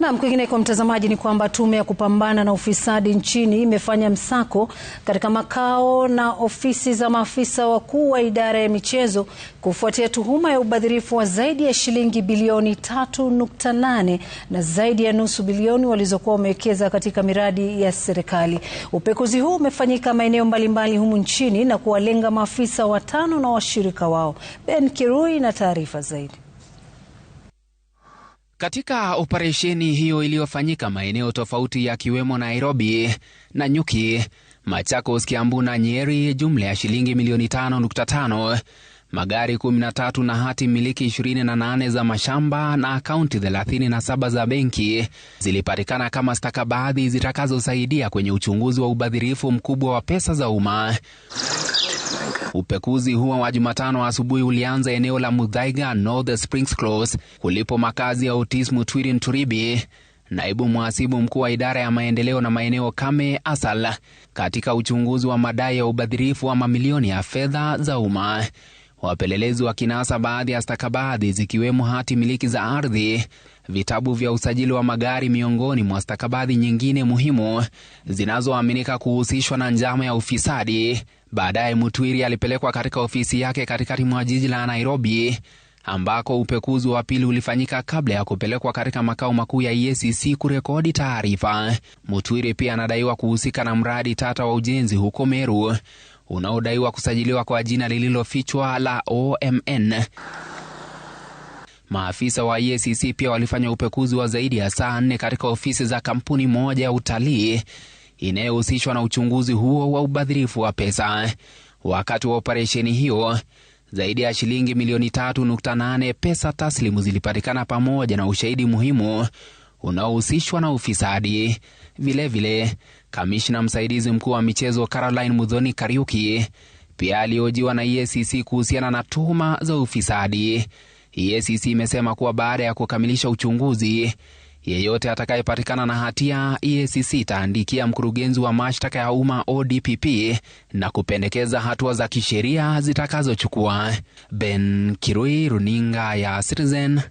Naam, kwingineko mtazamaji, ni kwamba tume ya kupambana na ufisadi nchini imefanya msako katika makao na ofisi za maafisa wakuu wa idara ya michezo kufuatia tuhuma ya ubadhirifu wa zaidi ya shilingi bilioni 3.8 na zaidi ya nusu bilioni walizokuwa wamewekeza katika miradi ya serikali. Upekuzi huu umefanyika maeneo mbalimbali humu nchini na kuwalenga maafisa watano na washirika wao. Ben Kirui na taarifa zaidi. Katika operesheni hiyo iliyofanyika maeneo tofauti yakiwemo Nairobi, Nanyuki, Machakos, Kiambu na Nyeri, jumla ya shilingi milioni 5.5, magari 13 na hati miliki 28 za mashamba na akaunti 37 za benki zilipatikana kama stakabadhi zitakazosaidia kwenye uchunguzi wa ubadhirifu mkubwa wa pesa za umma. Upekuzi huo wa Jumatano asubuhi ulianza eneo la mudhaiga North Springs Close kulipo makazi ya Autism Twilin Turibi, naibu mhasibu mkuu wa idara ya maendeleo na maeneo kame ASAL, katika uchunguzi wa madai ya ubadhirifu wa mamilioni ya fedha za umma. Wapelelezi wa kinasa baadhi ya stakabadhi zikiwemo hati miliki za ardhi, vitabu vya usajili wa magari, miongoni mwa stakabadhi nyingine muhimu zinazoaminika kuhusishwa na njama ya ufisadi Baadaye Mutwiri alipelekwa katika ofisi yake katikati mwa jiji la Nairobi ambako upekuzi wa pili ulifanyika kabla ya kupelekwa katika makao makuu ya EACC kurekodi taarifa. Mutwiri pia anadaiwa kuhusika na mradi tata wa ujenzi huko Meru unaodaiwa kusajiliwa kwa jina lililofichwa la OMN. Maafisa wa EACC pia walifanya upekuzi wa zaidi ya saa nne katika ofisi za kampuni moja ya utalii inayohusishwa na uchunguzi huo wa ubadhirifu wa pesa. Wakati wa operesheni hiyo, zaidi ya shilingi milioni 3.8 pesa taslimu zilipatikana pamoja na ushahidi muhimu unaohusishwa na ufisadi. Vilevile, kamishna msaidizi mkuu wa michezo Caroline Muthoni Kariuki pia aliyojiwa na EACC kuhusiana na tuhuma za ufisadi. EACC imesema kuwa baada ya kukamilisha uchunguzi Yeyote atakayepatikana na hatia, EACC itaandikia mkurugenzi wa mashtaka ya umma ODPP na kupendekeza hatua za kisheria zitakazochukua. Ben Kirui, runinga ya Citizen,